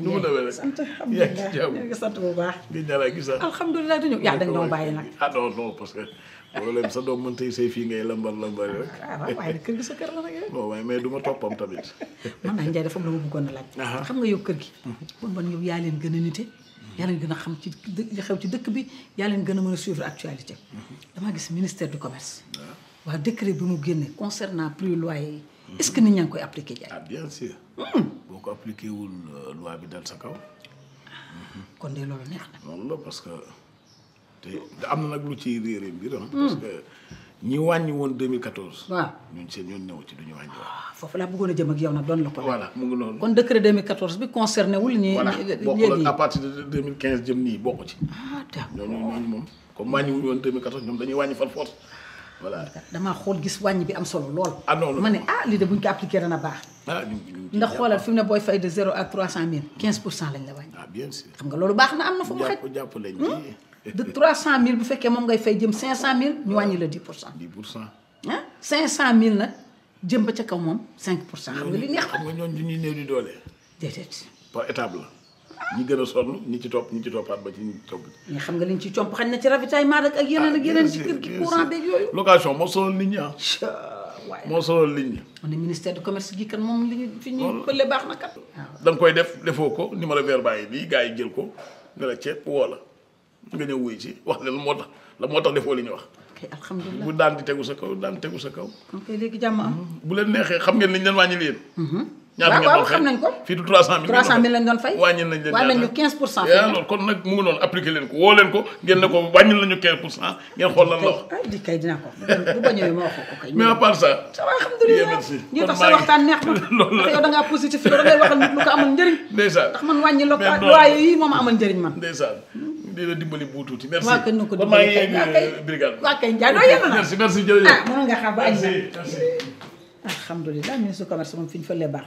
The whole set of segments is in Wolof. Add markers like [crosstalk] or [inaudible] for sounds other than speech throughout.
nu mu demee rek sant sant bu baax. di ñaanal gis naa alhamdulilah du ñu yaa dañ doon bàyyi nag. ah non non parce que problème sa doom mën tey say fii ngay ah, la eh? [laughs] a laaj. Ah, ah. xam nga yow kër gi. Mhm. bon man yow yaa leen gën a nite. yaa leen gën a xam ci xew ci dëkk bi yaa leen gën a mën a suivre actualité. Mhm. damaa gis ministère du commerce. waaw décret bi mu génne concernant prix loyer yi est-ce que nit ñaa ngi koy appliquer Ndiaye. ah bien sûr. Hmm. boo ko appliqué wul euh, loi bi dal sa kaw. Ah, kon de loolu neex na. loolu la parce que te am na nag lu ciy réeré mbir ah. Hmm. parce que ñi wàññi woon 2014. waaw ñun seen ñu wàññi waaw. Ah, foofu la mu ngi noonu kon décret 2014 bi concerné wul ñi. voilà bokkul à ci. ah d'accord ñooñu ñooñu moom comme wàññi wuñu woon ñoom dañuy wàññi far force. voilà damaa xool gis wàññi bi am solo lool. ah ma ne ah lii de buñ ko appliqué dana baax. Ah, ndax xoolal fi mu ne booy fay de zéro à trois cent mille quinze pour cent lañ la wàññi. Ah, xam nga loolu baax na am na fu mu xaj. jàpp lañ hmm? de trois cent mille bu fekkee moom ngay fay jëm cinq cent mille ñu wàññi la dix pour cent. dix pour cent. Ah, mille nag jëm ba ca kaw moom cinq pour cent. xam nga li neex xam nga ñooñu ñuy néew di doole. déedéet. par étape la. ñi gën a sonn ñi ci topp ñi ci toppaat ba ci ñi ci topp. mais xam nga na ci ravitaillement ak yeneen ak ah, yeneen. ci kër gi courant beeg yooyu. location moo sonal nit ñi ah. moo sonal nit ñi. on est ministère du commerce gi kan moom li fi ñuy bële baax na kat. Ah, da koy def defoo ko numéro vert bàyyi bii gars yi jël ko nga la ceeb woo la nga ñëw wuy ci wax leen moo tax la moo tax defoo li ñu wax. alhamdulilah bu daan di tegu sa kaw daan tegu sa kaw. mu kay léegi jàmm am. Hmm. bu leen neexee xam ngeen li ñu leen wàññi leen mhm. ñaata ngeen doon fay xam nañ ko fii du 300000 300000 lañ doon fay wàññil nañ leen wàññil ñu 15 pour cent yaa loolu kon nag mu ngi noonu appliqué leen ko woo leen ko ngeen ne wàññil nañu 15 pour cent ngeen xool lan la wax ah wax na [laughs] loolu la yow da na merci merci jërëjëf ah, ministre commerce moom fi ñu fëlee baax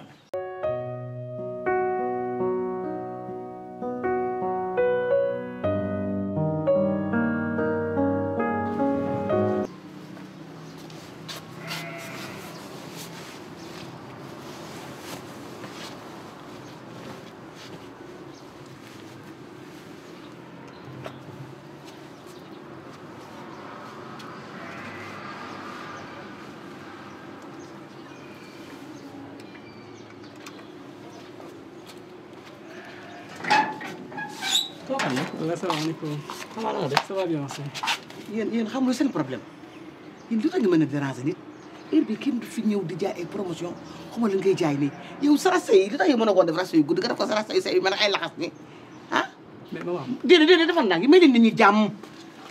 salaamaaleykum. comment ça va xam nga seen problème yéen du ngeen mën a déranger nit heure bi kenn du fi ñëw di jaay ay promotion xamal la ngay jaay nii yow sarase yi li tax yow mën a woon def rase yu gudd nga def ko sarase yu say yu mel ne ay laxas ni ah. mais maman déedéet déedéet dafa ndànk may leen nit ñi jàmm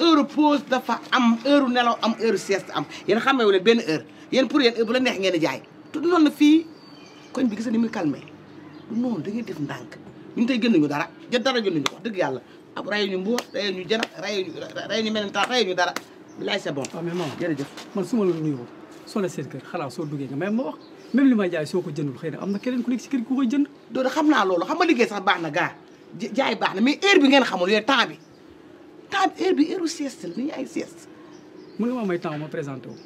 heure pause dafa am heure nelaw am heure sieste am yéen xam nga wu leen benn heure yéen pour yéen la neex ngeen a jaay. te du fii koñ bi gis ni muy calmé du da ngeen def ndànk ñun tey gën nañu dara jot dara jot nañu wax dëgg yàlla ab rayu ñu mbuur rayu ñu jënat rayu ñu rayu ñu melentaan rayu ñu dara bilaay c'est bon waaw ah, mais maman jërëjëf man su ma la nuyoo soo la seen kër xalaat soo duggee nga may ma wax même li may jaay soo ko jëndul xëy na am na keneen ku nekk si kër gi ku koy jënd dooda xam naa loolu xam nga liggéey sax baax na gaa jaay baax na mais heure bi ngeen xamul yooyu temps bi temps bi heure bi heure sieste la ni ay sieste mën nga maa may temps ma présenté wu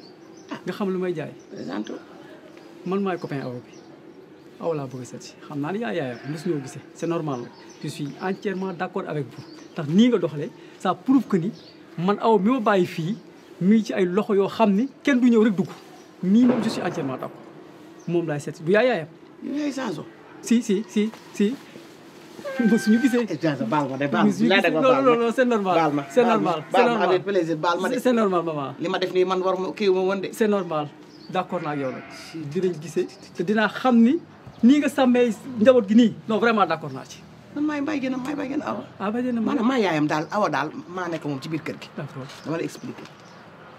ah. nga xam lu may jaay présenté man maay copain aw bi aw laa bëgg a seet si xam naa ne yaa yaayam mosuñoo gisee c'est normal la je suis entièrement d'accord avec vous ndax nii nga doxalee sa prouve que ni man aw mi ma bàyyi fii mi ci ay loxo yoo xam ni kenn du ñëw rek dugg nii moom je suis entièrement d'accord yaayam. yaay si si si si. [laughs] suñu gisee. Eh, baal ma de baal ma non non non c'est li ma def nii man war ma kii ma naa ak yow nag. dinañ gisee te dinaa xam ni nii nga sàmmee njaboot gi nii non vraiment d'accord naa ci. man maay bàjjenam maay bàjjenam awa. ah bàjjenam maanaam maa yaayam daal awa daal maa nekk moom ci biir kër gi. d'accord dama la expliquer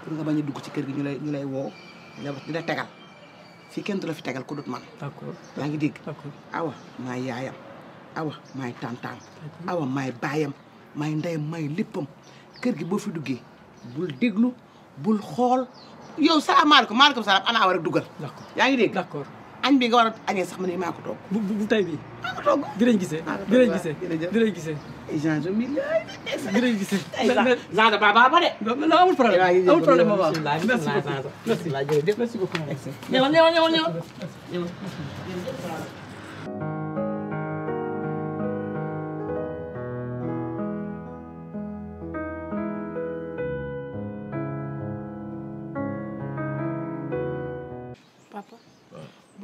pour nga bañ a dugg ci kër gi ñu lay ñu lay woo di la tegal fii kenn la fi tegal ko dut man. d'accord yaa ngi dégg. awa maay yaayam awa maay tàntaam awa maay baayam maay ndeyam maay léppam kër gi boo fi duggee bul déglu bul xool yow salaamaaleykum maaleykum salaam ana awa rek dugal. d'accord yaa ngi dégg añ bi nga war a añee sax ma ne maa ko toog. bu bu tey bi maa ko toog dinañ gisee. maa ko toog waaw jërëjëf dinañ gisee. genre de mille. dinañ gisee. genre de baba ba de. non amul problème amul problème ma baax. merci beaucoup merci beaucoup merci beaucoup. ñëwal ñëwal ñëwal ñëwal.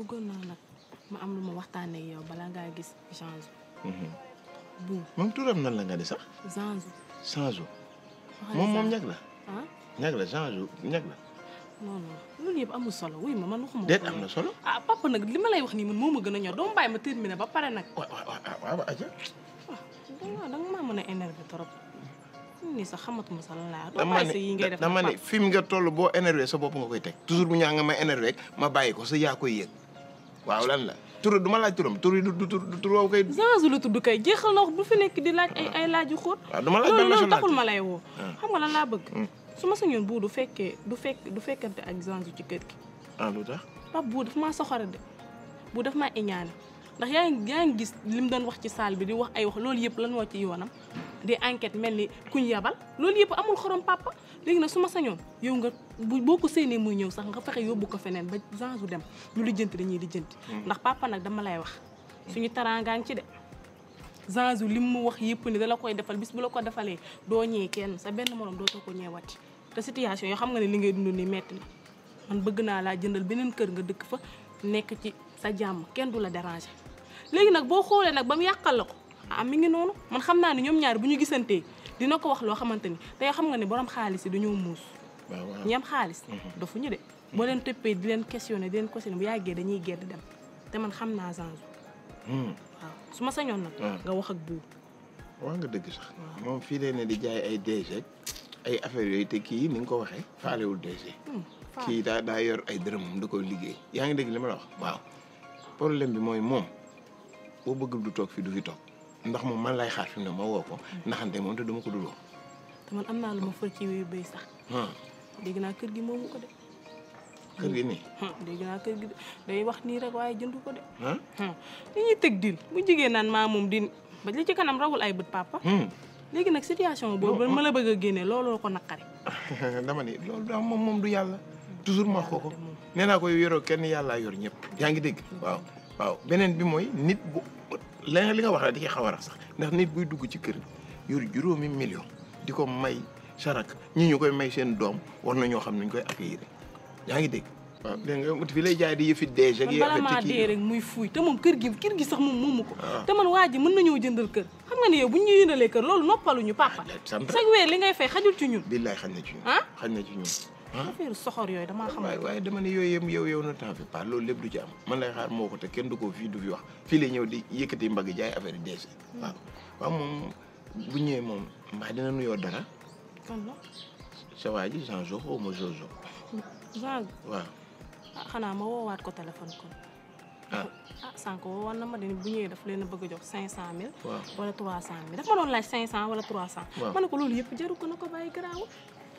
bëggoon naa nag ma am lu ma waxtaanee ak yow balaa ngaa gis change. Mhm. bu moom turam nan la nga di sax. Zanzu. Zanzu. moom moom ñag la. Ah? ñag la Zanzu ñag la. non non loolu yëpp amul solo wuy ma man waxuma. déet am na solo. ah papa nag li ma lay wax nii man moo ma gën a ñor doo ma bàyyi ma terminer ba pare nag. waaw waaw waaw aja. waaw ah, da nga maa mën a énervé trop. nii sax xamatuma sa lan laa. dama ne dama ne fi mu nga toll boo énervé sa bopp nga koy teg. toujours bu ñaa nga ma énervé ma bàyyi ko sa yaa koy yëg. waaw lan la tur du ma laaj turam tur yi du koy tur woowu la tudd kay jeexal na wax bu fi nekk di laaj ay ay laaj yu xóot. waaw du ma laaj ban nationalité loolu taxul ma lay woo. Hmm. xam nga lan laa bëgg. Hmm. su ma sañoon bu du fekkee du fekk du fekkante ak ci kër gi. ah lu tax. Pape bu daf maa de bu daf ma iñaane ndax yaa yaa ngi gis li mu doon wax ci saal bi di wax ay wax loolu yëpp lan moo ci yoonam di enquête mel ni kuñ yabal loolu yëpp amul xorom papa. léegi nag su ma sañoon yow nga boo ko seenee muy ñëw sax nga fexe yóbbu ko feneen ba genre dem ñu lijjanti dañuy lijjanti. Hmm. ndax papa nag dama lay wax hmm. suñu taraangaa ngi ci de. genre lim mu wax yëpp ni dala koy defal bis bu la ko defalee doo ñëwee kenn sa benn morom dootoo ko ñeewati te situation yoo xam nga ne li ngay dund nii metti man bëgg naa laa jëndal beneen kër nga dëkk fa nekk ci sa jàmm kenn du la déranger léegi nag boo xoolee nag ba mu yàqal la ko ah mi ngi noonu man xam naa ne ñoom ñaar bu ñu gisantee dina ko wax loo xamante ni tey xam nga ne borom xaalis yi dañoo muus ñi am xaalis mhm. dafu ñu de boo leen tëppee di leen questionné di leen questionné bu yàggee dañuy gedd dem te man xam naa Zanzu hmm. su ma sañoon nag nga wax ak buur wax nga dëgg sax moom fii lee ne di jaay ay DG ay affaire yooyu te kii ni nga ko waxee faalewul DG hmm, kii daa daa yor ay dërëmam da koy liggéey yaa ngi dégg li ma la wax waaw problème bi mooy moom boo bëgg du toog fii du fi toog ndax moom man lay xaar fi mu ne ma woo ko naxante moom te duma ko duloo te am naa lu ma fër ci wéyu béy sax hmm. dégg na kër gi moom ko de kër gi nii hmm, dégg naa kër gi day wax nii rek waaye jëndu ko de hmm? li ñuy tëg din mu jigéen naan maa moom di ba li ci kanam ay bët papa léegi nag situation boobu ma la bëgg a génne looloo ko naqari [laughs] dama ni moom moom du yàlla toujours ma ko ko nee naa ko yoroo kenn yàllaa yor ñëpp yaa ngi dégg beneen bi mooy nit bu la li nga wax di ci xaw a rax sax ndax nit buy dugg ci kër yor juróomi million di ko may sarak ñi ñu koy may seen doom war na ñoo xam nañ koy accueillir yaa ngi dégg waaw dégg nga fi lay jaay di yëfi déeg ak rek muy fuuy te moom kër gi kër gi sax moom moomu ko ah. te waa ji mën nañoo jëndal kër xam nga ne bu ñu yëndalee kër loolu noppaluñu papa chaque ah, weer li ngay fay xajul ci ñun billaay xaj na ci ñun ah? xaj na ci ñun affaire soxor yooyu damaa xam waaye waaye dama ne yooyu yem yow yow na temps fi pas loolu lépp ci am man lay xaar moo ko te kenn du ko di yëkkati mbagg jaay affaire yi hmm. moom bu ñëwee moom mbaa dina nuyoo dara kon la sa waa ma Jojo waaw ah, xanaa ma woowaat ko téléphone kon ah, ah sànq na ma de bu ñëwee daf leen a bëgg a jox cinq cent mille wala trois cent mille daf ma doon laaj cent cent ma ne ko loolu yëpp jaru na ko bàyyi garaaw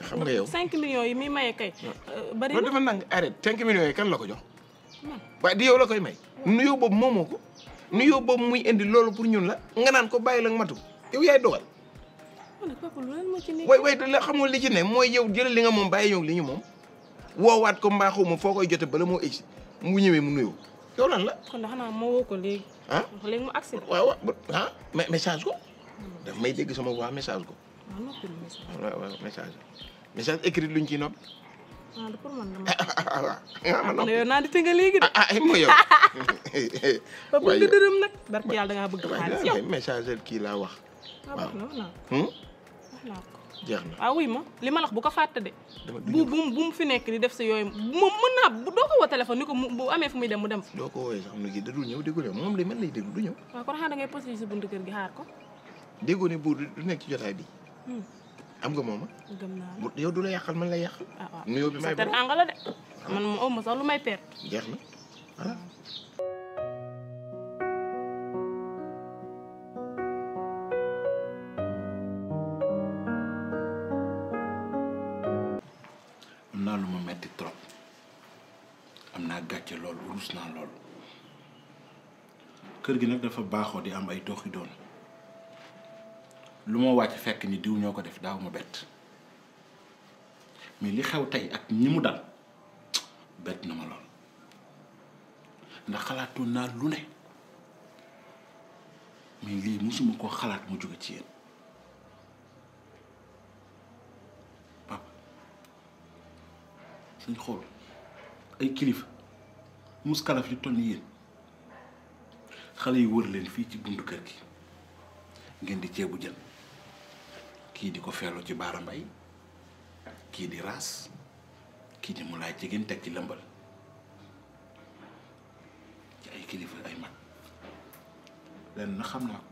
xam nga yow 5 millions yi muy maye kay. bari na dafa nang arrête kan la ko jox. waaye di yow la koy may. nuyoo boobu moom ko. nuyoo boobu muy indi loolu pour ñun la. nga naan ko bàyyi la matu yow yaay dogal. waaw papa lu leen ma ci nekk. la xamul li ci ne mooy yow jëlal li nga moom bàyyi yow li ñu moom. woowaat ko mbaa ma foo koy jotee bala moo mu ñëwee mu nuyoo yow lan la. kon xanaa ma woo ko léegi. a ah? léegi mu agsi. waaw ah, mais message ko. daf may dégg sama waa message ko. waaw ah, waaw message message écrit luñ ciy noonu. ah pour man dama. ah [laughs] man yow naa di tënk léegi de. ah mooy ah, yow. [laughs] ba bëgg dërëm nag. barke yàlla da ngaa bëgg xaalis yow message kii laa wax. Ah, waaw hmm? jeex na ah oui ma li ma la wax bu ko fàtte de. bu bu bu mu fi nekk di def sa yooyu moom mën naa bu doo ko woo téléphone ni ko bu amee fu muy dem mu dem fa. doo ko wooyee sax mu ne kii da dul ñëw déglu moom lay mën lay déglu du ñëw. waaw kon xam da ngay posté si buntu kër gi xaar ko. déggoo ne buur du nekk ci jotaay bi. Hmm. am nga mooma. naa yow du la yàqal man ah, ah. bi may bëri la de. man mu ëmb lu na voilà. Ah. am ma metti trop am naa gàcce lool ruus naa lool kër gi nag dafa baaxoo di am ay tooxi doon. lu ma wàcc fekk ni diw ñoo ko def daaw ma bett mais li xew tey ak ñi mu dal bett na ma lool ndax xalaatoon naa lu ne mais lii musuma koo xalaat mu jóge ci yéen papa suñ xool ay kilifa muskalaf yu tonni yéen xale yi wër leen fii ci buntu kër gi ngeen di ceebu jën kii di ko fellu ci baarambay kii di raas kii di mu laay jigéen teg ci lëmbal ci ay kilifa ay mag lenn xam naa ko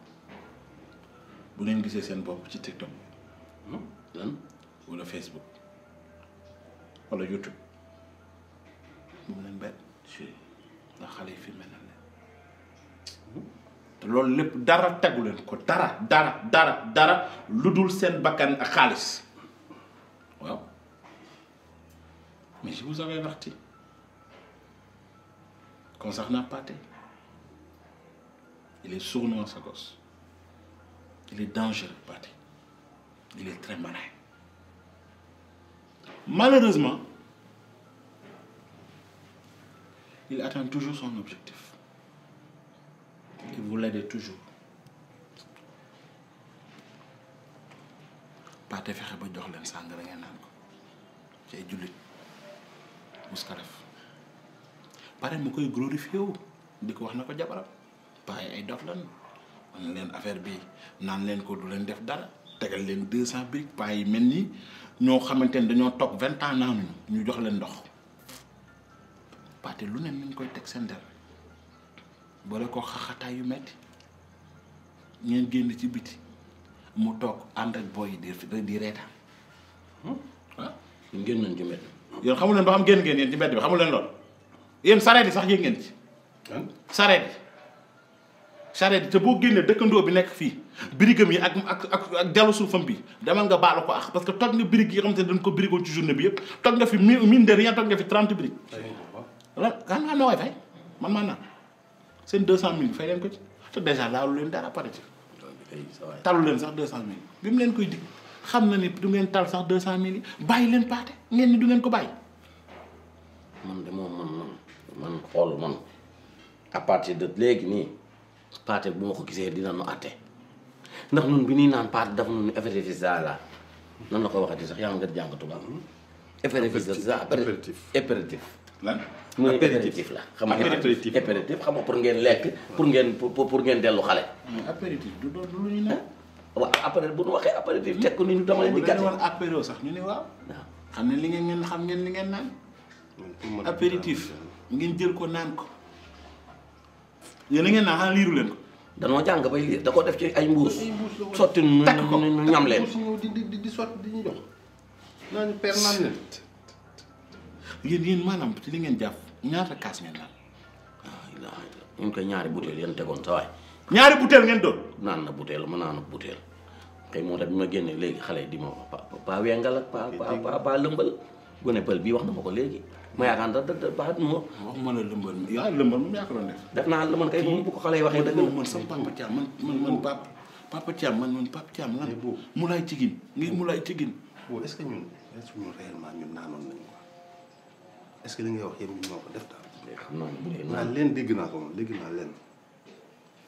bu ngeen gisee seen bopp ci tiktok hmm? lan wala facebook wala youtube moom leen bett ndax xale yi fi mel na loolu lépp dara tegu ko dara dara dara dara lu dul seen bakkan ak xaalis waaw mais je vous avais averti concernant Pathé il est sournois ce gosse il est dangereux Pathé il est très malin malheureusement il atteint toujours son objectif et vous l'aidez toujours paate fexe ba jox leen sàngara ngeen naan ko ci ay jullit mus ko def pare mu koy glorifié wu di ko wax na ko jabaram bàyyi ay dof lan wan leen affaire bi naan leen ko du leen def dara tegal leen deux cent bi pay yi mel ni ñoo xamante ne dañoo toog vingt ans naanuñu ñu jox leen ndox paate lu ne nañ koy teg seen der boole ko xaxataay yu metti ngeen génn ci biti mu toog ànd ak booy di di reetaan ah ci mbedd yéen xamu leen ba xam génn ngeen yéen ci mbedd bi xamu leen lool yéen sareet yi sax yéeg ngeen ci sareet yi sareet yi te boo génnee dëkkandoo bi nekk fii birigam yi ak ak ak ak dellu suufam bi demal nga baalu ko ax parce que toj nga birig yi xam te dañ ko birigoon ci journée bi yëpp toj nga fi mine de rien toj nga fi trent birig lan kan maa noo koy fay man maa seen 200000 fay leen ko ci te dèjà laalu leen dara pare ci. talu leen sax 200000 bi mu leen koy dig xam na ni du ngeen tal sax 200000 yi bàyyi leen paate ngeen ni du ngeen ko bàyyi. man de moom man man xool man à partir de léegi nii paate bu ma ko gisee dina nu àtte ndax ñun bi ñuy naan paate daf ñu effectif la nan na ko waxati sax yaa nga jàng tubaab effectif hmm? effectif lan muy apéritif la xam nga apéritif apéritif xam nga pour ngeen lekk pour ngeen pour ngeen dellu xale apéritif du doon lu ñu naan waaw après bu ñu waxee apéritif teg ko ni ñu dama leen di gàtt woon apéro sax ñu ne waaw xam ne li ngeen xam ngeen li ngeen naan apéritif ngeen jël ko naan ko yéen a ngeen naan xanaa liiru leen ko danoo jàng ba liir da ko def ci ay mbuus sotti nu ñam leen di di sotti di ñu jox naan per yéen yéen maanaam ci li ngeen jàpp ñaata kaas ngeen naan. waaw ah, ilaaha illallaah ñun koy ñaari butéel yéen tegoon sa waay. ñaari butéel ngeen doon. naan na butéel ma naanu butéel kay moo tax bi ma génnee léegi xale yi di ma pa pa wengal ak pa pa pa lëmbal. gone pël bii wax na ma ko léegi. ma yaakaar da da da baax na ma. wax ma la lëmbal mi waaw lëmbal moom yaa ko doon def. def naa lëmbal kay moom bu ko xale yi waxee dëgg la man sama papa Thiam man man man papa papa Thiam man man papa Thiam lan. mu laay cigin ngir mu laay cigin. est-ce que ñun est-ce que ñun réellement ñun naanoon nañu ko est-ce que li ngay wax ñoo ko def daal. xam leen dégg naa ko moom dégg naa leen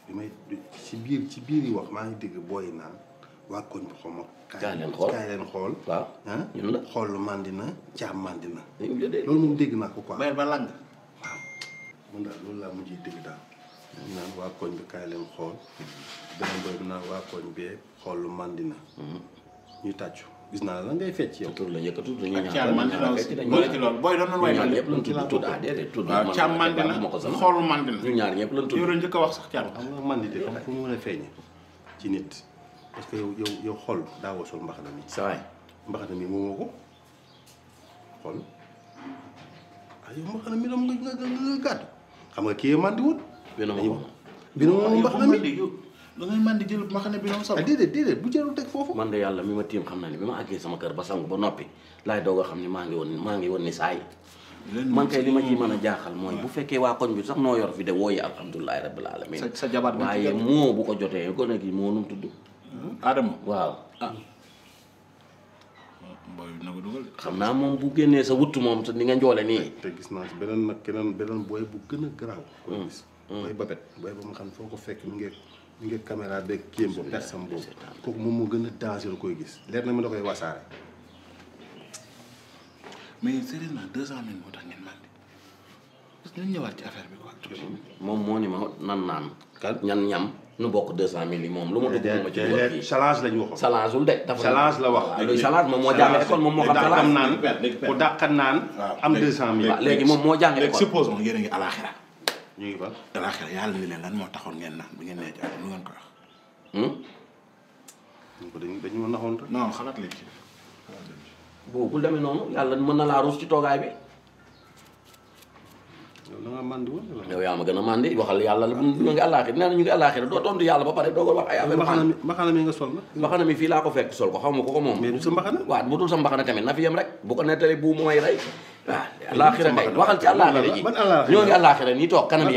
bi may ci biir ci biir yi wax maa ngi dégg booy naan waa koñ bi xaw ma. kaay leen xool kaay leen xool. Ah? dégg naa ko quoi. ba lang. waaw loolu laa mujjee dégg daal. xool beneen booy bi naan waa koñ xool lu mm-hmm. ñu tàccu. gis naa la ngay fecc yow. tur la yëkkatu dañuy ñaan ak caam mandina aussi boole ci loolu booy doon nañu waay man ñëpp lañ tudd tudd ah déedéet tudd waaw caam mandina xoolu mandina ñu ñaar ñëpp lañ tudd njëkk a wax sax caam nga mandité xam fu mu mën a feeñe ci nit parce que yow xool daa sol mbaxana mi sa waay mbaxana mi moomoo ko xool ah, mbaxana mi dam nga nga gàddu xam nga kii mandi wut bi na mbaxana mi da ngay mën jël maxane bi noonu sax. Ah, déedéet déedéet bu jëlul teg foofu. man de yàlla mi ma tiim xam na ne bi ma àggee sama kër ba sangu ba noppi laay doog a xam ne maa ngi woon maa ngi won ni saay yi. man kay li ma ci mën a jaaxal mooy bu fekkee waa koñ bi sax noo yor fi de wooyi alhamdulilahi rabbil alamin sa jabaat bi waaye moo bu ko jotee gone gi moo nu mu hmm? waaw. ah. Hmm, booy bi na xam naa moom bu génnee sa wuttu moom te ni nga njoole nii. gis naa si beneen nag keneen beneen booy bu gën a garaaw. Hmm. booy babet booy ba ma xam foo ko fekk mu ngi li nga caméra beeg kéem boobu personne boobu moom moo gën a dangereux koy gis leer na ma da koy wasaare. mais sérieusement cent mille moo tax ngeen màndi parce ñëwaat ci affaire bi quoi. moom moo ni ma nan naan kan ñan ñam nu bokk deux cent mille yi moom lu ma dugg ma ci léegi challenge lañu waxoon de dafa challenge la wax léegi challenge moo jàng école moom moo xam challenge naan ku dàqan am deux cent mille léegi moom moo jàng école supposons yéen a ngi ñu yàlla ni leen moo taxoon ngeen naan bi ngeen nee jaay lu ngeen hmm? ko mën xalaat leen ci xalaat leen ci. boobu bu demee na laa ruus ci toogaay bi. yow da ngaa màndi woon wala. yow yaa ma gën a màndi waxal yàlla ñu ngi àllaaxira nee na ñu ngi àllaaxira doo tontu yàlla ba pare doog a wax ay affaire mbaxana fii laa ko fekk sol ko xaw ma ko ko moom. waa du sa mbaxana. waaw bu dul sa mbaxana tamit na fi yem rek bu ko nettalee bu mooy rey alaaxira kay waxal ci alaaxira ji ñoo ngi alaaxira nii toog kanam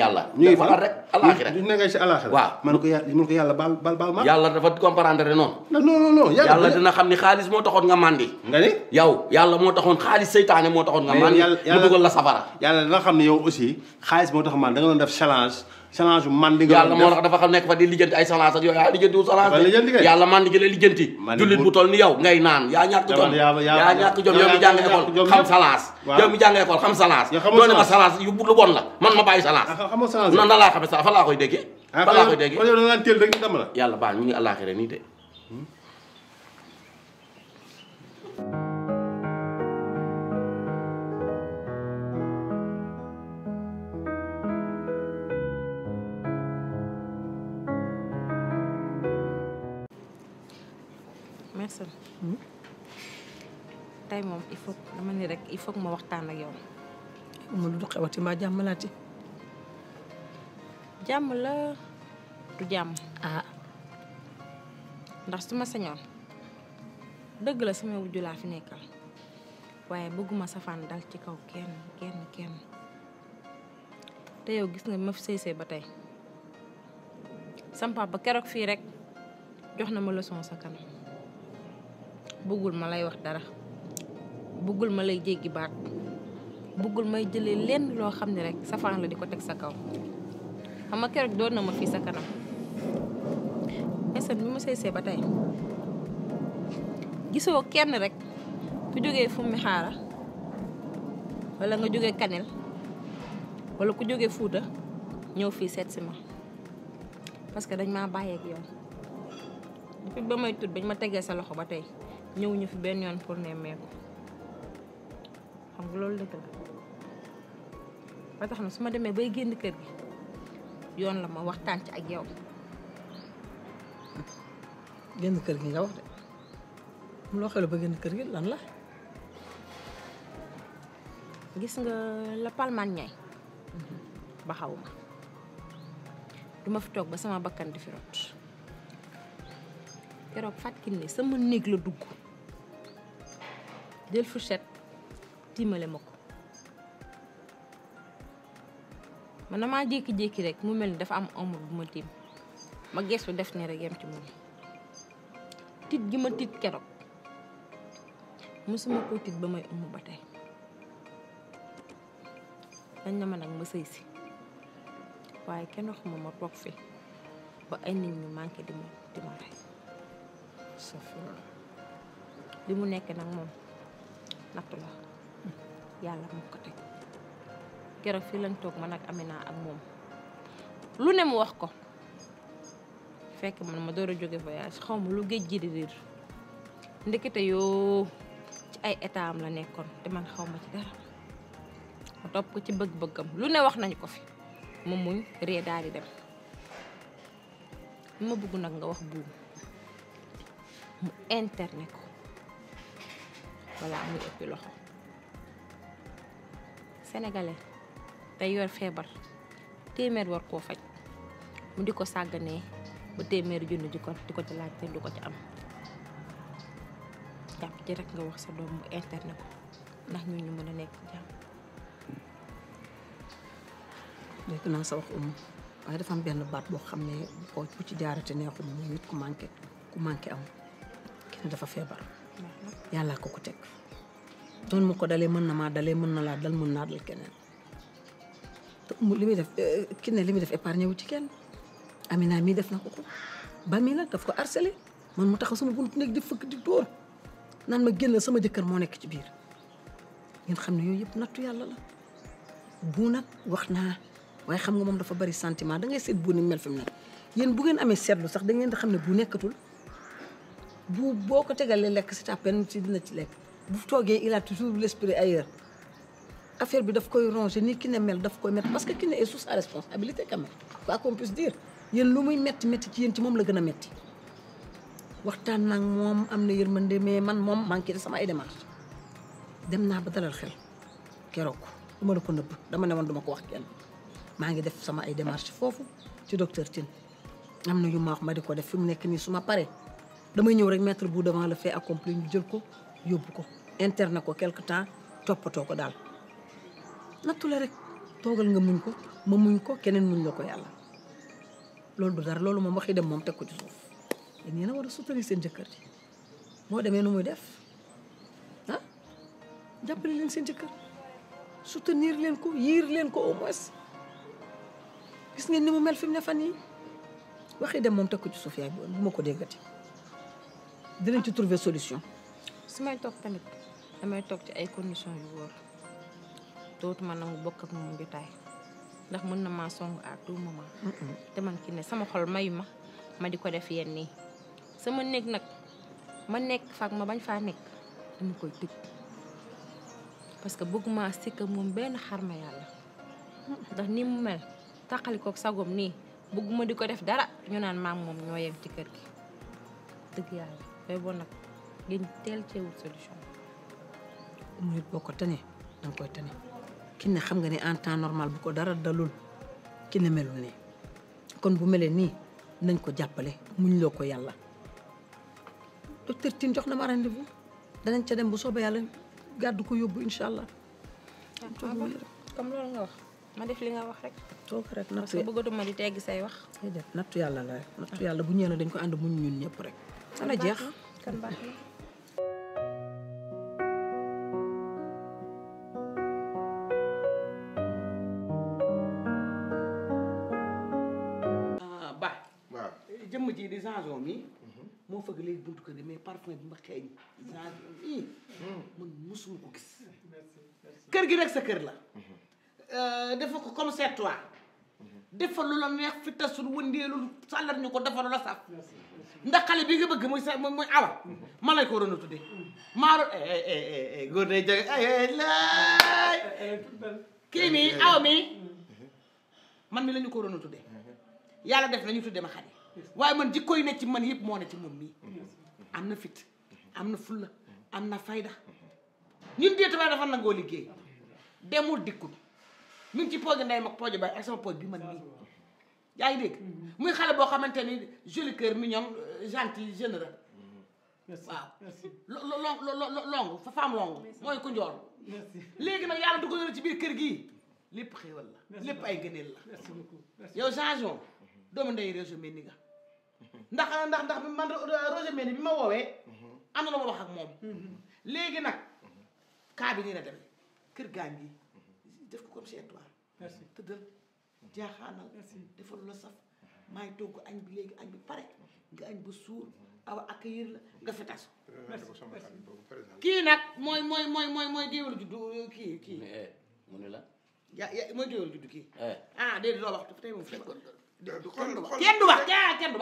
rek alaaxira ñu waaw man ko yàlla mun ko yàlla baal baal baal ma yàlla dafa comprendre noonu non non non yàlla ni xaalis moo taxoon nga màndi nga ni yow yàlla moo taxoon xaalis seytaane moo taxoon nga màndi mu dugal la safara yàlla dina xam ne yow aussi xaalis moo tax man da nga doon def challenge challenge mandi nga yàlla moo tax dafa xam nekk fa di lijjanti ay challenge ak yaa lijjanti wu challenge yàlla mandi gi la lijjanti jullit bu toll ni yow ngay naan yaa ñàkk jom yaa ñàkk jom yow mi jàng école xam challenge yow mi jàng ma challenge yu lu bon la man ma bàyyi challenge ah, na laa xamee sa fa laa koy déggee ah, fa laa koy déggee de Maxime. tey moom il ni rek il ma waxtaan ak yow. ma du xewati ma jàmm ah. ndax su ma sañoon dëgg la laa fi nekkal waaye bëgguma safaan ci kaw kenn te yow gis nga ma fi ba tey sam keroog fii rek jox na ma leçon sa kanam bëggul ma lay wax dara bëggul ma lay jéggi baat bëggul may jële lenn loo xam ne rek safaan la di ko teg sa kaw xam nga keroog doon na ma fii sa kanam instant bi ma seesee ba tey gisoo kenn rek ku jógee fummi xaara wala nga jóge kanel wala ku jóge fuuta ñëw fii seet si ma parce que dañ maa bàyyeeg yow depuis ba may tudd bañ ma tegee sa loxo ba tey ñëw ñu fi benn yoon pour ne nemmeeku xam nga loolu dëgg la ba tax na su ma demee bay génn kër gi yoon la ma waxtaan ci ak yow. génn kër gi nga wax de mu loo xelu ba génn kër gi lan la. gis nga la palmaan ñay mhm. ba xaw duma fi toog ba sama bakkan di fi rot keroog Fatou Kiné sama néeg la dugg jël set tiimale ma ko man damaa jékki-jékki rek mu mel ni dafa am ombre bu ma tiim ma geesu def ni rek yem ci moom tit gi ma tit keroog mosuma koo tit ba may ëmb ba tey dañ na man nag ma sëy si waaye kenn waxuma ma toog fi ba ay nit ñu manqué di ma di ma rey li mu nekk nag moom nattu yàlla moo ko teg keroog fii lañ toog man ak Amina ak moom lu ne mu wax ko fekk man ma door a jóge voyage xaw ma lu géej gi di riir ndekete yoo ci ay état am la nekkoon te man xaw ma ci dara ma topp ko ci bëgg-bëggam lu ne wax nañu ko fi mu muñ ree daal di dem li ma bëgg nag nga wax buum mu internet ko balaa muy ëppi loxo sénégalais day yor feebar téeméer war koo faj mu di ko sàgganee ba téeméer junni di ko di ko ci laaj te du ko ci am jàpp ci rek nga wax sa doom mu internet ko ndax ñu ñu mën a nekk jàmm. dégg naa sa wax umu waaye dafa benn baat boo xam ne boo ci jaaree te neexuma muy nit ku manqué ku manqué am kenn dafa feebar. yàllaa ko ko teg noonu ma ko dalee mën na maa dalee mën na laa dal mën naa dal keneen li muy def euh, ki li muy def épargne wu ci kenn Amina mii def na ko ba mi nag daf ko harcelé man mu taxaw sama buntu nekk di fëkk di dóor naan ma génn sama jëkkër moo nekk ci biir ngeen xam ne yooyu yëpp nattu yàlla nag wax naa waaye xam nga moom dafa bari sentiment da ngay seet bu mel fi mu yéen bu ngeen amee seetlu sax da ngeen di xam ne bu nekkatul bu boo ko tegalee lekk c'est à peine si dina ci lekk bu toogee il a toujours l'esprit ailleurs affaire bi daf koy ronger ni ki ne daf ko métti parce que ki ne est sous sa responsabilité quand même quoi qu'on puisse dire yéen lu muy métti métti ci yéen ci moom la gën a métti waxtaan nag moom am na yërmande mais man moom manqué sama ay démarche dem naa ba dalal xel keroog duma ko dama ne woon duma ko wax kenn maa ngi def sama ay démarche foofu ci docteur Tine am na yu ma wax ma di ko def fi mu nekk nii su ma paree damay ñëw rek mettre bu devant le fait accompli ñu jël ko yóbbu ko interne ko quelque temps toppatoo ko daal nattu la rek toogal nga muñ ko ma muñ ko keneen muñ la ko yàlla loolu du dara loolu moom waxi dem moom teg ku ci suuf dañ leen a war seen jëkkër ji boo demee nu muy def ah jàppale leen seen jëkkër leen ko yiir leen ko ngeen ni mu mel fi mu ne fan yi waxi dem moom teg ko ci suuf yaay bu ma ko déggati dinañ ci trouver solution. su may toog tamit damay toog ci ay conditions yu wóor dootuma nangu bokk ak moom jotaay ndax mën na maa song à tout moment. te man ki ne sama xol mayu ma ma di ko def yenn nii sama néeg nag ma nekk faak ma bañ faa nekk dama koy tëj parce que bëgguma sikka moom benn xarma yàlla ndax ni mu mel taqalikook sagoom nii bëgguma di ko def dara ñu naan maam moom ñoo yem ci kër gi dëgg yàlla. bay bon nag ngeen teel cee wut solution murit boo ko tane danga koy tane ki ne xam nga ne en temps normal bu ko dara dalul ki ne melul nii kon bu melee nii nañ ko jàppale muñ loo ko yàlla docteur Tine jox na ma rendez-vous danañ ca dem bu soobee gàddu ko yóbbu incha allah ah, ah, comme loolu nga wax ma def li nga wax rek toog rek nattu bëggatuma di tegg say wax nattu yàlla la yàlla bu ñëwee dañ ko ànd muñ ñun ñëpp rek dana jeex kan baax ah, ba jëmm ji di chanson mi mhm. moo fëgg léegi buntu kër gi mais bi ma xeeñ chanson mi mhm. ko gis kër gi rek sa kër la mhm. euh, dafa ko comme toi defal lu la neex fi tasul wëndeelul sàllar ñu ko defal lu la saf ndax xale bi nga bëgg muy sa muy awa man lañ ko waroon a tuddee maaro eh, eh, eh, góor day jege ko waroon a tuddee yàlla def nañu tuddee ma xale waaye man jikko ne ci man yëpp moo ne ci moom mii am na fit am na fulla am na fayda ñun dee tabax dafa nangoo liggéey demul dikkul mu ngi ci pooju ndey mag pooju baay ak sama pooj bi man nii yaa ngi dégg mm-hmm. muy xale boo xamante ni joli cœur mignon gentil généreux mm-hmm. waaw lo lo longu fa femme longu mooy ku njool léegi nag yàlla dugal na ci biir kër gii lépp xéewal la lépp ay gëneel la yow changeon mm-hmm. doomu ndey Roger Mendy nga ndax ndax man Roger Mendy bi ma woowee am na lu ma wax ak moom léegi nag cas bi nii la demee kër gaañ gi def ko comme chez toi. merci tëddal jaaxaanal. defal la saf. maa ngi togg añ bi léegi añ bi pare nga añ ba suur awa accueillir la nga fetasu kii nag mooy mooy mooy mooy mooy géwél juddu kii kii mu ne la ya ya mooy géwél juddu kii ah déedéet loo wax tey moom kenn du wax kenn du wax kenn du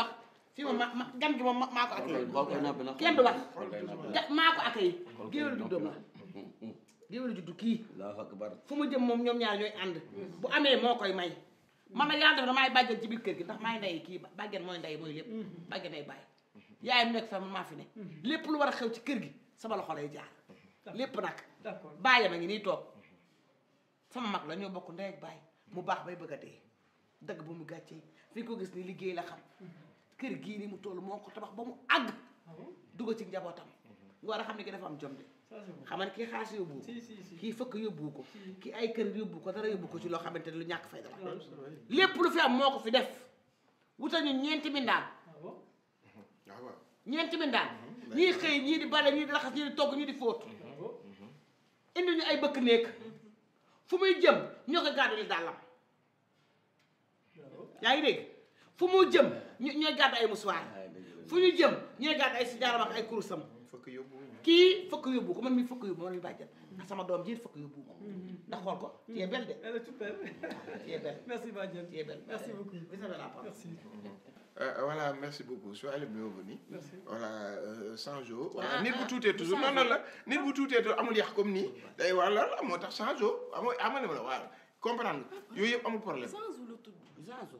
fii moom ma ma gan gi moom maa ko accueillir kenn du géwél juddoom la géwél juddu kii allahu akbar fu mu jëm moom ñoom ñaar ñooy ànd bu amee moo koy may man nag yàlla def na maay bàjjen ci biir kër gi ndax maay ndey kii bàjjen mooy ndey mooy lépp mhm. bàjjen ay bàyyi yaayam nekk fa maa fi ne mhm. lépp lu war a xew ci kër gi sama loxo lay jaar lépp nag bàyyam a ngi nii toog sama mag la ñoo bokk ndey ak bàyyi mu baax bay bëgg a dee dëgg bu mu gàccee fi ko gis ni liggéey la xam mhm. kër gii ni mu toll moo ko tabax ba mu àgg ah dugg ci njabootam nga war a xam ne ki dafa am jom de xaman kii xaas yóbbu kii fëkk yóbbu ko kii ay kër yóbbu ko dara yóbbu ko ci loo xamante ne lu ñàkk fay dara lépp lu fi am moo ko fi def wutal ñu ñeenti mindaan ah ah ñeenti mindaan mhm. ñii xëy ñii di bale ñii di raxas ñii di togg ñii di fóot ah mhm. indi ñu ay bëkk néeg fu muy jëm ñoo koy yaa ngi dégg fu mu jëm ñooy gàddu ay musuwaar fu ñu jëm ñooy gàddu ay si ay kurusam fëkk yóbbu kii fëkk yóbbu ko man mi fëkk yóbbu man mi bàjjal ndax sama doom ji fëkk yóbbu ko mm-hmm. ndax xool ko tu es de elle est toute belle tu es belle merci bàjjal tu es belle merci beaucoup Isabelle la parole merci Euh, euh voilà merci beaucoup soyez le bienvenu voilà euh, cent ah, ah, tuutee toujours non non la nit bu tuutee toujours amul yàq comme nii day wala moo tax cent jours amoo amale ma la waaw comprendre yooyu yëpp amul problème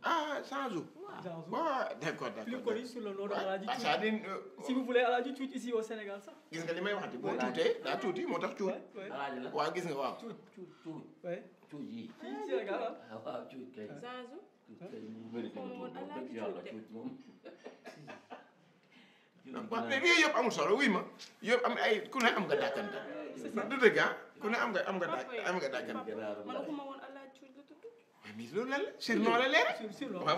ah Sanzou. Sanzou waaw d' accord d' accord. plus connu sous le nom de Aladji Tuuti. c'est-à-dire. si vous voulez Aladji Tuuti ici au Sénégal sax. gis nga li may waxati boo tuutee daa tuuti moo tax tuut. waaw gis nga waaw. tuut tuut tuut. oui tuut yi. fii Sénégal ah. waaw tuut kay. Sanzou. yooyu yëpp amul solo wuy ma yëpp am ay ku ne am nga dàkkante. du dëgg ah ku ne am nga am nga dàkkante. Mise loolu lan la surnom la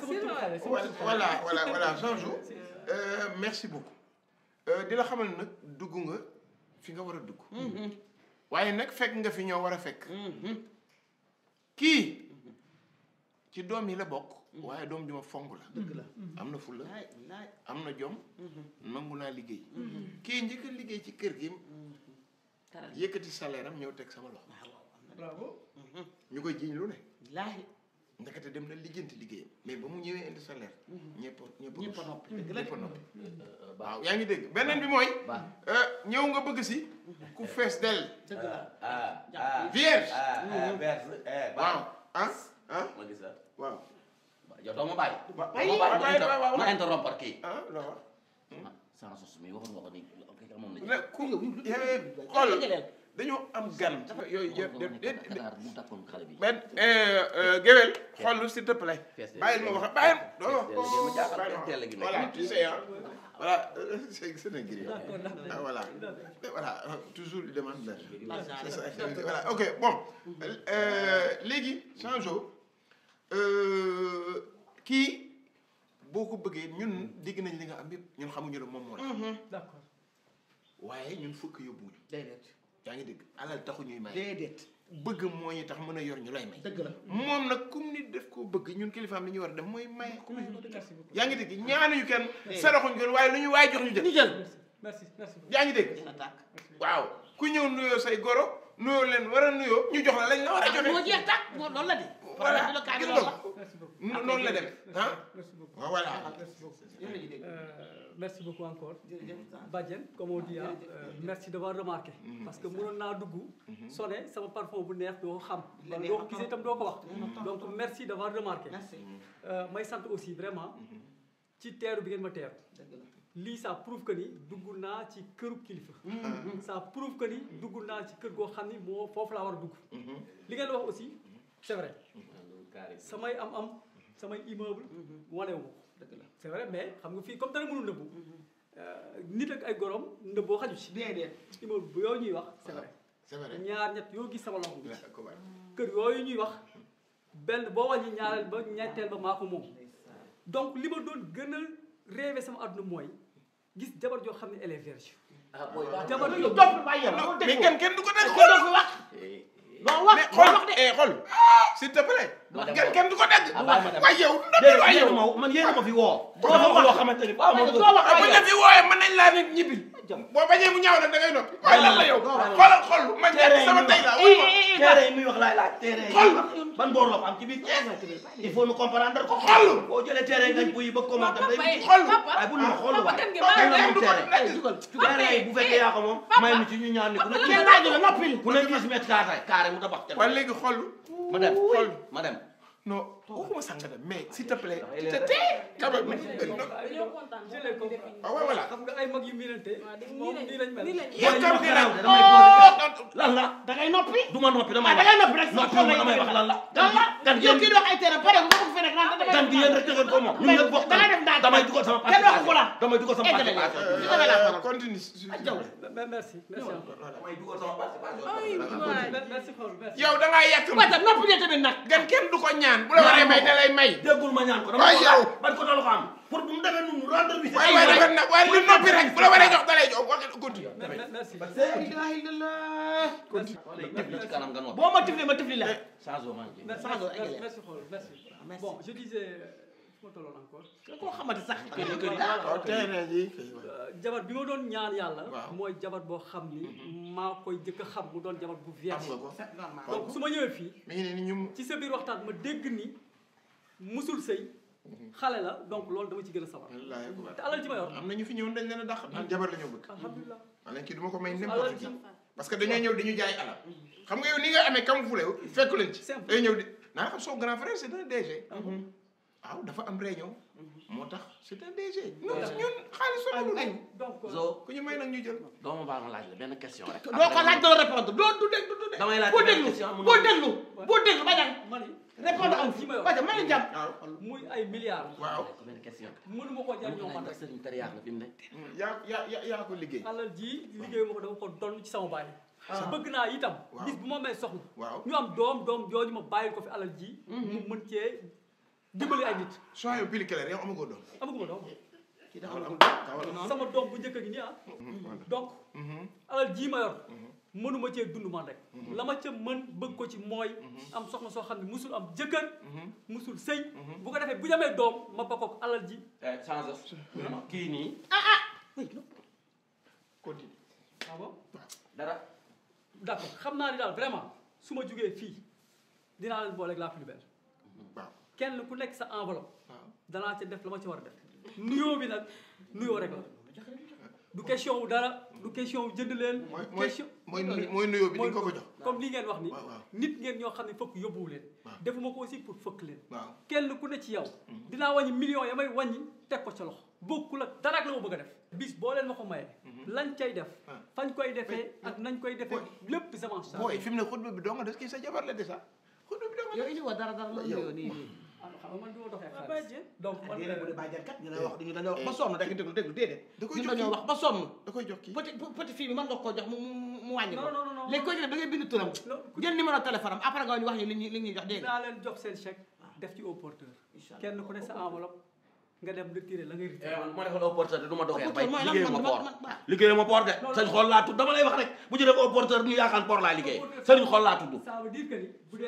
voilà voilà voilà voilà Sango. merci beaucoup. Eh, di la xamal nag dugg nga fi nga war a dugg. Mm-hmm. Mm-hmm. waaye nag fekk nga fi ñoo war a fekk. Mm-hmm. kii ci doom yi la bokk. waaye doom ju fonk la. dëgg la am na fulla am na jom. nangu naa liggéey. kii njëkk liggéey ci kër gi. yëkkati salaire am ñëw teg sama loxo. ñu koy jiiñ lu ne. laahi. ndekete dem na lijjanti liggéey mais ba mu ñëwee indi salaire. ñëpp mm-hmm. ñëpp ñëpp a euh, yaa ngi dégg beneen bi mooy. Euh, ñëw nga bëgg si. ku fees del. dëgg la ah ah vierge. Mm-hmm. waaw ah ah. ma gis dañoo am gan. yooyu yooyu déet mais géwél xool lu s'il te plaît. bàyyil ma wax bàyyil ma wax voilà tu sais [laughs] ah voilà c'est un grillon ah voilà voilà toujours il demande c'est ça voilà ok bon euh, léegi changeau kii boo ko bëggee ñun dégg nañ li nga am yëpp ñun xamuñu la moom moo la. Mm-hmm. d'accord waaye ñun fukk yóbbuwuñu. yaa ngi dégg alal taxu ñuy may bëgg moo ñu tax mën a yor ñu lay may dëgg la moom na comme nit def koo bëgg ñun kilifaam li ñu war a def mooy may yaa ngi dégg ñaanuñu kenn saraxuñu kenn waaye lu ñu waaye jox ñu jël ñu jël merci merci yaa ngi dégg waaw ku ñëw nuyoo say goro nuyoo leen war a nuyoo ñu jox la lañ la war a joxe ah, moo jeex tàkk moo loolu la de voilà gis ah. a noonu a dem merci beaucoup encore. Badiane comme on dit ah merci remarqué. Mm-hmm. parce que mënoon naa dugg. Mm-hmm. sone sama parfum bu neex doo ko xam. doo ko gisee itam doo ko wax. donc merci d'avoir remarqué. Euh, may sant aussi vraiment. Mm-hmm. ci teeru bi ngeen ma teer lii ça prouve que ni dugg naa ci këru kilifa. sa prouve que ni dugg naa ci kër goo xam ni moo foofu laa war dugg. li ngeen wax aussi c'est vrai. samay am-am samay immeuble wane dëgg la c'est mais xam nga fii comme dara mënul nëbbu. Euh, nit ak ay gorom ndëbboo xaju si. déedéet immeuble bu yooyu ñuy wax c'est ñaar ñett yoo gis sama loxo bi [laughs] ci kër yooyu ñuy wax benn boo wàññi ñaareel ba ñetteel ba maa ko moom donc li ma doon gën a rêvé sama àdduna mooy gis jabar joo xam ne élève vierge. ah booy jabar joo topp bàyyi mais kenn kenn wax. Eh. non wax xool wax de xool s'il te plaît. ma dem kenn du ko dégg. waaye yow dundal waaye yow man yéen ma fi woo. boo loo xamante ni waaw man. soo wax waaye yow bu ñu la fi ñibbi. boo bañee mu ñaaw nag da ngay noppi. waaye lan la yow xoolal xool yi eh, eh, eh, muy wax laay laaj teere yi ban boor la ko am yi nga buy bëgg ko moom yi mu ci ñu ñaan ni ku ne noppi ku ne gis mètre kaatay ma dem xool ma dem non waxuma oh, sàngara mais ah, s'il te plaît s'il te plaît quand même ah ouais voilà xam nga ay mag yu miinante moom nii lañ mel lan la da ngay noppi du ma noppi damay wax ah, da ngay noppi rek noppi damay wax lan la lan la gan gi kii dox ay tere pare bu ko fi rek naan gan gi yéen rek dëggal ko moom ñun ñëpp bokk da ngay def daal damay dugal sama kenn waxu ko la damay dugal sama participation continue merci merci damay dugal sama participation merci yow da ngaa yàq noppi de tamit nag gan kenn du ko ñaan bu la lay may da lay may. déggul ma ñaan ko dama ko laaj ban côté la ko am pour bu mu demee noonu rendre visite. waaye waaye dafa nekk waaye li noppi rek bu la waree jox da lay jox wax continue. merci ba la ilaha illallah. continue tifli ci kanam nga noppi. boo ma tifli ma tifli la. sans eau merci merci bon je disais. moo tolloon encore. koo xamante sax kër yi kër yi euh, ma doon ñaan yàlla. mooy jabar boo xam ni. Mm-hmm. maa koy jëkk a xam mu doon jabar bu vierge. donc su ma ñëwee fii. ci sa biir waxtaan ma dégg ni musul sëy mm-hmm. xale la donc loolu dama ci a sabar. te alal ci ma yor. am na ñu fi ñëwoon dañ leen a jabar la ñu bëgg. alhamdulilah mm-hmm. alal ci du ma ko may n'importe qui parce que dañoo ñëw dañu jaay xam nga yow ni nga amee kam fule fekk leen ci. dañoo ñëw waaw dafa am réunion. Mhm. moo tax c'est un DG. ñun xaalis sonalul nañu. donc euh, ku ñu may nag ñu jël. doomu baal ma laaj la benn question rek. doo ko laaj doo répondre doo du dégg du dégg. damay laaj benn question amul boo déglu boo déglu ba daan. ma ne répondre am si parce que ma ne jàpp. muy ay milliards. waaw benn question. mënuma koo jar ñoo man rek sëriñ tariyaar la fi mu ne. Mm, yaa yaa yaa ko liggéey. alal ji liggéey ma ko dama ko doon ci sama baay. Ah. bëgg naa itam. waaw bis bu ma may soxla. waaw ñu am doom doom jooju ma bàyyi ko fi alal ji. Mm-hmm. mu mën cee dimbali ay nit. soxna yow pili keleer yow amagoo doom. amaguma doom. kii daa amagul doom sama doom bu njëkk gi nii ah. Mm-hmm. donc. Mm-hmm. alal jii ma mm-hmm. mënuma cee dund man rek. la ma ca mën bëgg ko ci mooy. am soxna soo xam ne musul am jëkkër. musul sëy. bu ko defee bu jamee doom ma bakkoog alal ji. sans eh, of kii nii. ah ah. continue. Ah xam naa ni daal vraiment su ma jugee fii dinaa leen booleeg la plus kenn ku nekk sa enveloppe. danaa ca def la ma ci war a def. nuyoo bi nag nuyoo rek la. du question wu dara du question wu jënd leen. question mooy mooy nuyoo bi ni nga ko jox. comme li ngeen wax ni nit ngeen ñoo xam ne fëkk yóbbuwu leen. defuma ko si pour fëkk leen. kenn ku ne ci yow. Hmm. dinaa wàññi million ya may wàññi teg ko ca loxo. bokkul ak dara ak la ma bëgg a def. bis boo leen ma ko mayee. Hmm. lañ cay def. Ah. fañ koy defee ak nañ koy defee lépp sama. booy fi mu ne xutba bi doo nga des kii sa jabar la de sax ah. xutba bi wa dara dara la yow Ah, xam nga man du ma doxee ah, xaalis donc man ah, bu mu mu wàññi ko léegi koy def da ngay bind turam jël numéro téléphone am après wax ñu li ñuy jox dégg leen jox seen chèque def ci ku ne nga dem retiré la liggéey ma port de sëñ xool laa tudd dama lay wax rek bu ci def au porteur ñu yaakaar port laa liggéey sëñ xool laa tudd ça bu dee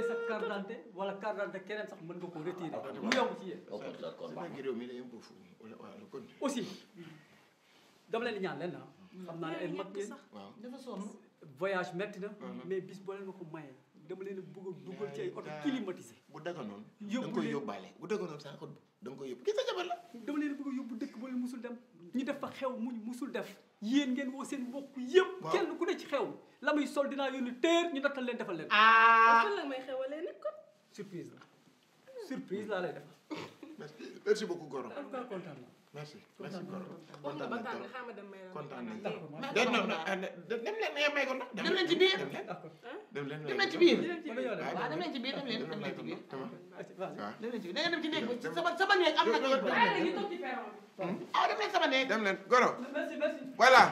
sa carte d'identité wala carte d'identité keneen sax mën nga ko retiré mu yomb ci yéen au leen na xam hmm. naa ne ay mag ngeen voyage métti na mais bis boo leen dama leen bëgg a dugal ci ay oto climatisé bu daganoon da nga koy yóbbaale bu daganoon sax da nga koy yóbbu gis sa jabar la dama leen bëgg a yóbbu dëkk ba leen musul dem ñu def fa xew muñ musul def yéen ngeen woo seen mbokk yëpp kenn ku ne ci xew la muy sol dinaa ni téer ñu nattal leen defal leen ah. la may xewalee nag kon surprise la surprise laa lay defal merci beaucoup Goro kontaan merci merci Coro kontaan nañu trop kontaan nañu trop dem leen nga may ko ndox. dem leen ci biir dem leen dem leen ci biir. waaw dem leen ci biir dem leen dem leen ci biir. waaw dem leen ci biir da nga dem ci néeg ba sama sama néeg am na. ah dem leen sama néeg. dem leen Coro. merci merci voilà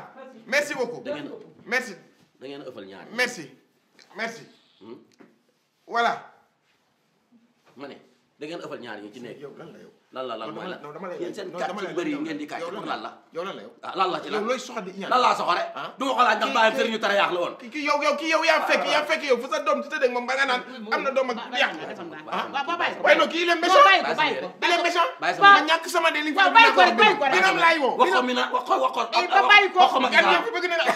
merci beaucoup. da ngeen merci. da ngeen ëppal ñaar merci merci. voilà. ma ne da ngeen ëppal ñaar ñi ci néeg. yow lan la yow. lan la lan mooy lan yéen seen kàcc yu bëri yi ngeen di kàcc pour lan la. yow lan la yow lan ah, la ci lan looy soxla di ñaan lan laa soxore du ma ko laaj ndax bàyyi sëriñu tara yaax la woon kii yow yow kii yow yaa fekk yaa fekk yow fu sa doom si tëddee moom ba nga naan am na doom ak yàq waaye non kii il est méchant il est méchant ma ñàkk sama de li nga biram laay woo waxo mi na waxo waxo waxo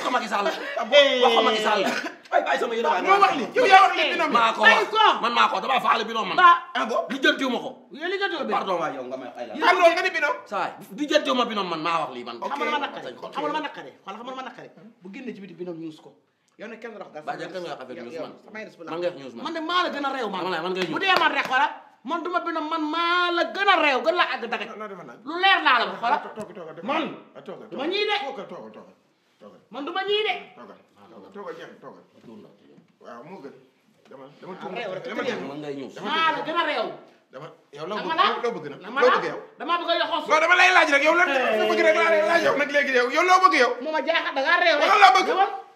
Macky Sall waxo Macky Sall waxo Macky Sall ay bàyyi sama yële moo wax li yow yaa wax li binom maa ko wax man maa ko dama faale binom man ah bon lijjantiwu ma ko yow lijjantiwu bi pardon waaye yow nga may xayla pardon nga ni binom saay lijjantiwu ma binom man maa wax lii man xamal ma naqare xamal ma naqare xool xamal ma naqare bu génne ci biti binom ñuus ko yow ne kenn rox gas ba ja kenn nga xafé ñuus man man nga ñuus man man de maa la gën a réew man man nga ñuus bu dee man rek xoolal man duma binom man maa la gën a réew gën la àgg dagaj lu leer naa la ba xoolal man duma ñii de man duma ñii de tuur na. waaw moo gën. dama dama tuur mën ngay ñëw. maa ah, la gën a réew. dama yow la bëgg nag loo bëgg yow. dama bëgg yow xos. non dama lay laaj rek yow lan la bëgg rek laa lay laaj yow loo bëgg yow. a